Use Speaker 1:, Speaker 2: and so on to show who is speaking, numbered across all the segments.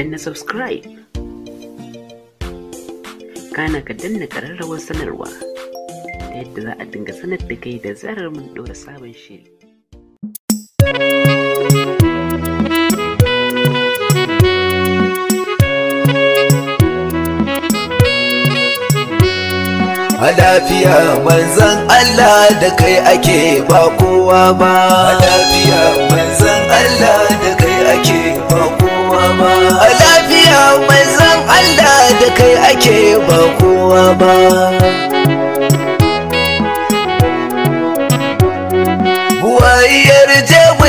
Speaker 1: danna subscribe kana ka danna ƙararrawar sanarwa ta yadda za a dinga sanar da kai da zarar mun ɗora sabon shiri lafiya manzan Allah da kai ake ba kowa ba lafiya manzan Allah da kai ake ba kowa A ba lafiya mai zan Allah da kai ake ba kowa ba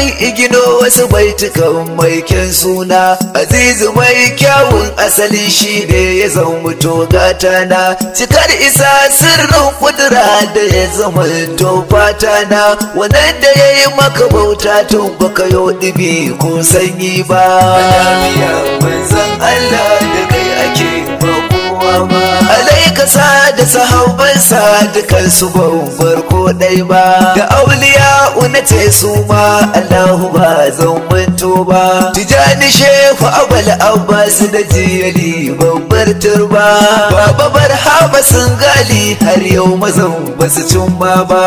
Speaker 1: mun igino wasu baitukan mai kyan suna azizu mai kyawun asali shi ne ya zan mutu gatana cikar isa sirrin kudura da ya zama to fatana wannan da ya yi maka bauta tun baka yau ɗibi ko sanyi ba. Allah da kai ake ba kowa kasa da sahabbansa dukan su babbar ko ɗai ba da auliya una ce su ma Allahu ba zan manto ba tijani shehu abal abbas da jiyali babbar turba baba barhaba sun gali har yau mazan basu cimma ba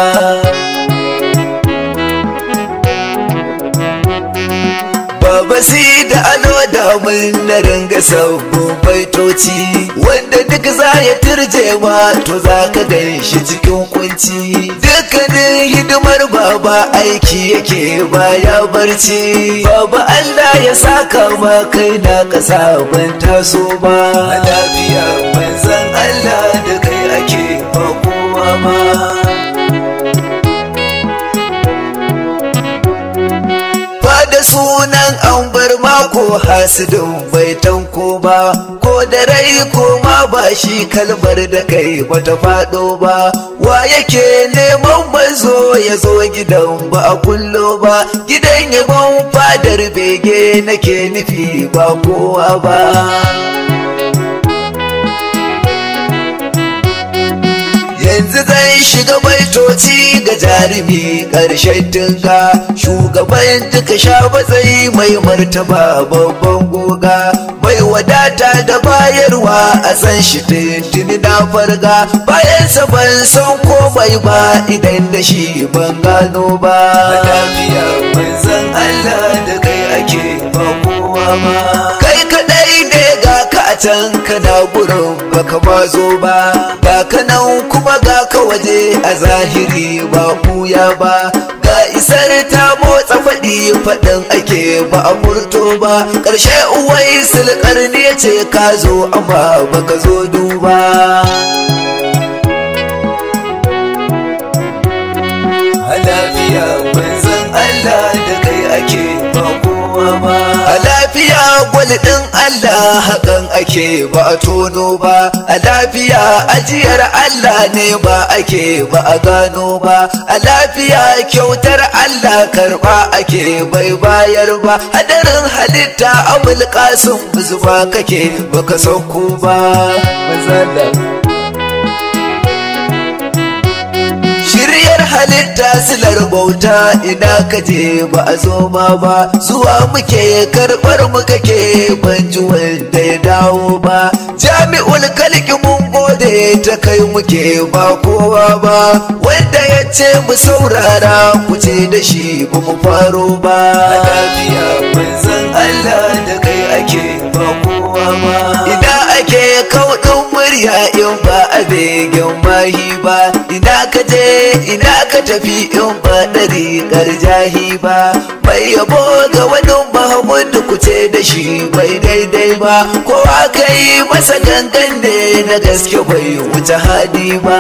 Speaker 1: baba si da ano abin na ranga sauko baitoci wanda duk za ya turjewa to za ka gan shi cikin kunci dukkanin hidimar baba aiki yake baya barci baba Allah ya saka ma kai na kasa ban taso ba lafiya manzan Allah da kai ake ba kowa ba sunan an bar ko hasidin bai tanko ba ko da rai koma ba shi kalmar da kai bata faɗo ba wa yake neman manzo ya zo gidan ba a kullo ba gidan yabon fadar bege nake nufi ba kowa ba yanzu zai shiga baitoci ga jarumi ƙarshen dinka shugaban duka sha bazai mai martaba babban goga mai wadata da bayarwa a san shi tuntuni na farga bayan sa ban san komai ba idan da shi ban gano ba lafiya ban san Allah da kai ake ba kowa ba kai kadai ne can ka gurin baka ka zo ba ka kanan kuma ga ka waje a zahiri ba buya ba ga isar ta motsa faɗi faɗin ake ba a furto ba ƙarshe uwai sulƙar ne ce ka zo amma baka zo duba lafiya manzon Allah da kai ake bako A lafiya gwal ɗin Allah hakan ake ba a tono ba, a lafiya ajiyar Allah ne ba ake ba a gano ba, a lafiya kyautar Allah karɓa ake bai bayar ba, hadarin halitta a mulƙasun zuba kake baka sauko ba. halitta silar bauta ina kaje ba a zo ma ba zuwa muke karɓar mu kake ban ji wanda ya dawo ba jami'ul kalki mun gode ta kai muke ba kowa ba wanda ya ce mu saurara mu ce da shi ba mu faro ba lafiya Allah da kai ba kowa ba ina ake kaudin murya in ba a begen mahi ba ina ka je ina ka tafi in ba ɗari ƙarjahi ba mai yabo ga wani mahamudu kuce da shi bai daidai ba kowa kai masa gangan ne na gaske bai wuce hadi ba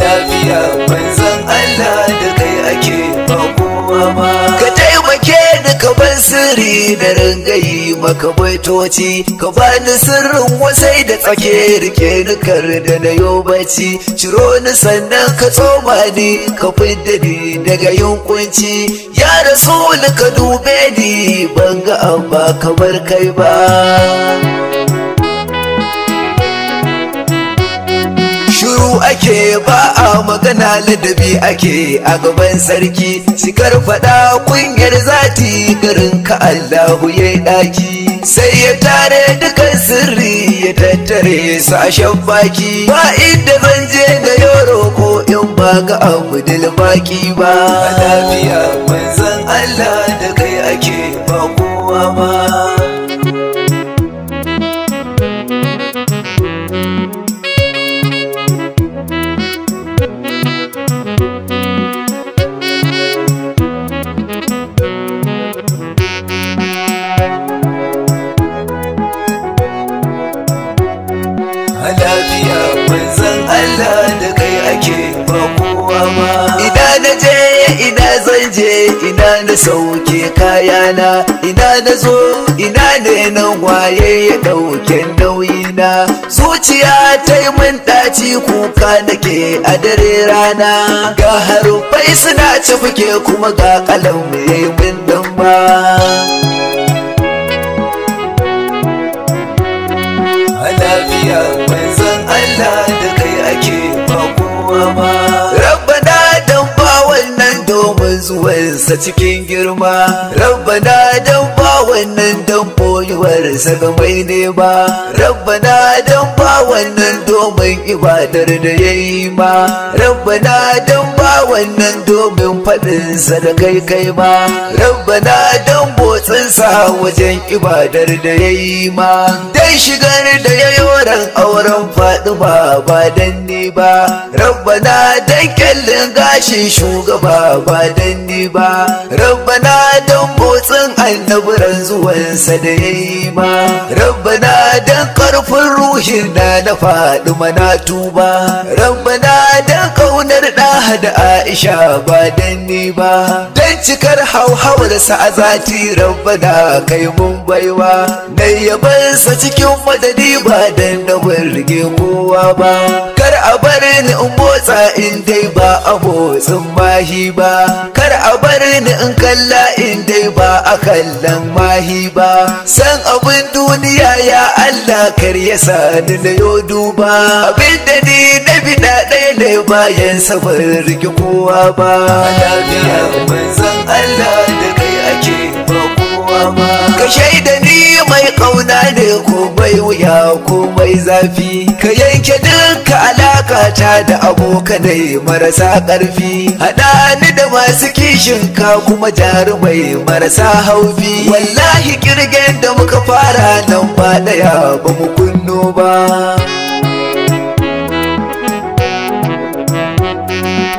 Speaker 1: lafiya manzan Allah da kai ake bako ka taimake ni ka ban sirri na rangayi maka baitoci ka bani sirrin wasai da tsake rike ni kar da na yo bacci ciro ni sannan ka tsoma ni ka fidda ni daga yunkunci ya rasu ka dube ni ban ga an ba kamar kai ba shiru ake ba a magana ladabi ake a gaban sarki sikar faɗa kungiyar zati garin ka Allahu ya ɗaki sai ya tare dukan sirri ya tattare su a baki ba inda zan je ga yoro ko in ba ga Abdul baki ba lafiya manzon Allah da kai ake ba kowa ba ina na sauke kayana ina na zo ina ne na waye ya ɗauke nauyina zuciya ta yi min ɗaci kuka nake a dare rana ga harufai suna ci fuke kuma ga kalan ya yi min dan ba lafiya manzon Allah da kai ake ba kowa ba zuwarsa cikin girma na dan wannan dan saka mai ne ba rabbana dan ba wannan domin ibadar da yayi ma rabbana dan ba wannan domin fadin sadakai kai kai ma rabbana dan wajen ibadar da yayi ma dan shigar da yayoran auren faɗuwa ba dan ne ba rabbana dan kyallin gashin shugaba ba dan ne ba rabbana dan botsin annabi zuwansa da ya yi ma rabbana dan karfin ruhin na na faɗi mana tuba rabbana dan kaunar da da aisha ba dan ni ba dan cikar hauhawar sa a zati rabbana kai mun baiwa na sa cikin madadi ba dan na burge kowa ba kar a bar ni in motsa in dai ba a motsin mahi ba kar a bar ni in kalla in dai ba a kallon mahi ba san abin duniya ya Allah kar ya sani na yo duba abin da ni na bida ɗaya ne bayan sabar rike kowa ba lafiya manzan Allah da kai ake ba ka shaida ni mai kauna ne ko mai wuya ko mai zafi ka yanke duka alaka ta da abokanai marasa ƙarfi haɗa ni da masu kishin ka kuma jarumai marasa haufi wallahi kirgen da muka fara nan ba ɗaya ba mu kunno ba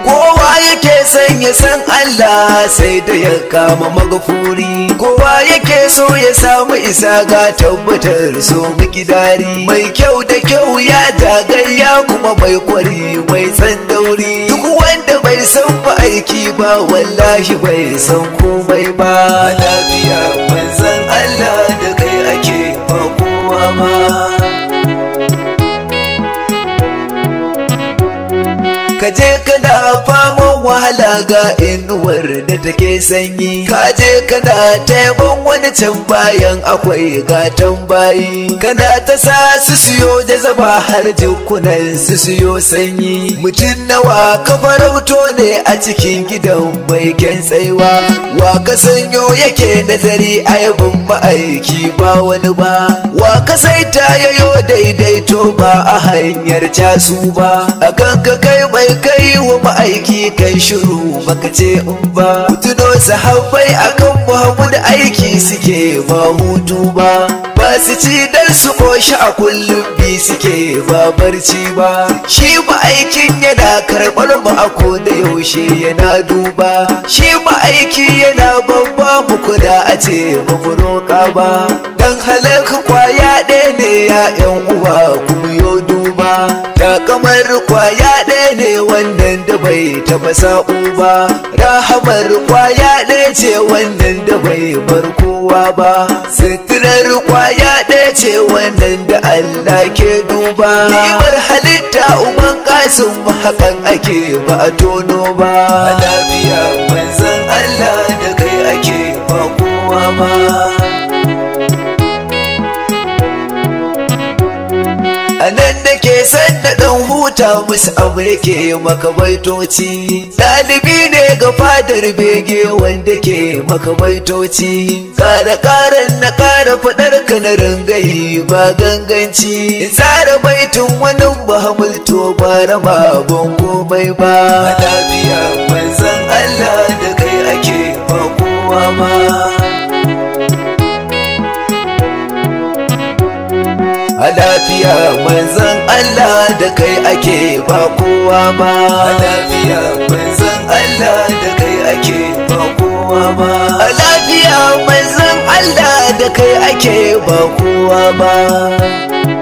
Speaker 1: kowa yake son ya san Allah sai da ya kama magafuri ko ke so ya samu isa ga tabbatar so dari mai kyau da kyau ya tagayya kuma mai kwari mai tsandauri duk wanda bai san ba aiki ba wallahi bai san komai ba lafiya manzan Allah da kai ake ba kowa ba ka je kana faman wahala ga inuwar da take sanyi ka je kana wani can bayan akwai gatan bayi kana ta sa su siyo da zaba har jikunan su siyo sanyi mutum nawa ka farauto ne a cikin gidan mai kyan tsaiwa wa ka sanyo yake nazari a yabin ma'aiki ba wani ba wa ka sai ta yayo daidaito ba a hanyar casu ba a ka kai mai kai wa ma'aiki kai shiru baka ce in ba ku a kan akan da aiki suke ba hutu ba ba su ci dan su koshi a kullum bi suke ba barci ba shi ma'aikin yana karɓar mu a ko da yaushe yana duba shi ma'aiki yana babba mu kuda a ce ba roƙa ba dan halaka kwaya ɗaya ne ya 'yan uwa kuma yo duba da kamar kwaya ne wannan da bai taɓa sa'u ba rahamar kwaya ɗaya ce wannan da bai bar kowa ba sitirar kwaya ɗaya ce wannan da Allah ke duba bar halitta uban kasin hakan ake ba a tono ba lafiya manzon Allah da kai ake ba kowa ba ta musu aure ke makabaitoci ɗalibi ne ga fadar bege wanda ke makamaitoci. kada karan na fadar faɗar na gai ba ganganci tsara baitin wani bahamulto ba na ban komai ba lafiya manzan Allah da kai ake ba ma a lafiya manzan Allah ba kowa ba lafiya manzon Allah da kai ake ba kowa ba lafiya manzon Allah da kai ake ba kowa ba